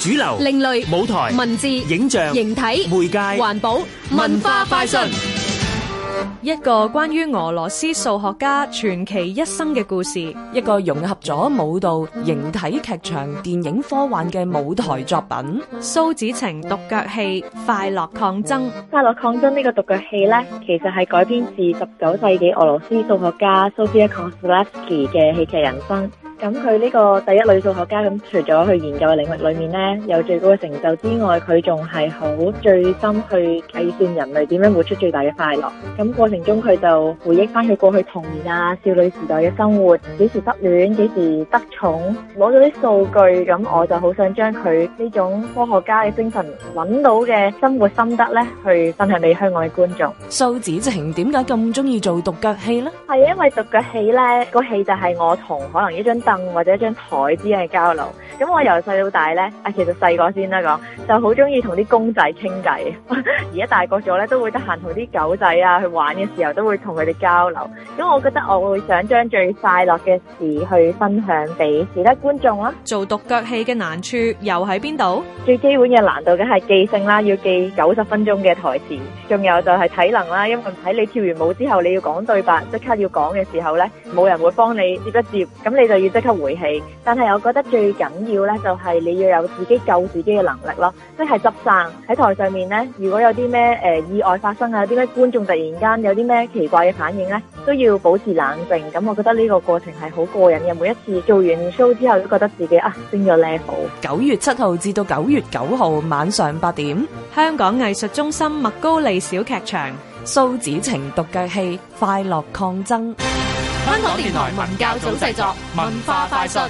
主流、另類舞台、文字、影像、形體、媒介、環保、文化快訊。一個關於俄羅斯數學家傳奇一生嘅故事，一個融合咗舞蹈、形體、劇場、電影、科幻嘅舞台作品。蘇子晴獨腳戲《快樂抗爭》。快樂抗爭、這個、呢個獨腳戲呢，其實係改編自十九世紀俄羅斯數學家蘇西耶康斯拉斯基嘅戲劇人生。咁佢呢個第一女數學家咁，除咗去研究嘅領域裏面咧有最高嘅成就之外，佢仲係好醉心去計算人類點樣活出最大嘅快樂。咁過程中佢就回憶翻佢過去童年啊、少女時代嘅生活，幾時失戀，幾時得寵，攞咗啲數據。咁我就好想將佢呢種科學家嘅精神，揾到嘅生活心得咧，去分享俾香港嘅觀眾。蘇子晴點解咁中意做獨角戲咧？係因為獨角戲咧，個戲就係我同可能一張凳或者一張台之間嘅交流，咁我由細到大呢，啊其實細個先啦講，就好中意同啲公仔傾偈，而 家大個咗呢，都會得閒同啲狗仔啊去玩嘅時候，都會同佢哋交流，咁我覺得我會想將最快樂嘅事去分享俾其他觀眾啦。做獨腳戲嘅難處又喺邊度？最基本嘅難度嘅係記性啦，要記九十分鐘嘅台詞，仲有就係體能啦，因為喺你跳完舞之後，你要講對白，即刻要講嘅時候呢，冇人會幫你接一接，咁你就要。即刻回氣，但係我覺得最緊要呢，就係你要有自己救自己嘅能力咯。即係執生喺台上面呢，如果有啲咩誒意外發生啊，有啲咩觀眾突然間有啲咩奇怪嘅反應呢，都要保持冷靜。咁我覺得呢個過程係好過癮嘅。每一次做完 show 之後，都覺得自己啊升咗 level。九月七號至到九月九號晚上八點，香港藝術中心麥高利小劇場，蘇子晴獨腳戲《快樂抗爭》。香港電台文教組製作，文化快訊。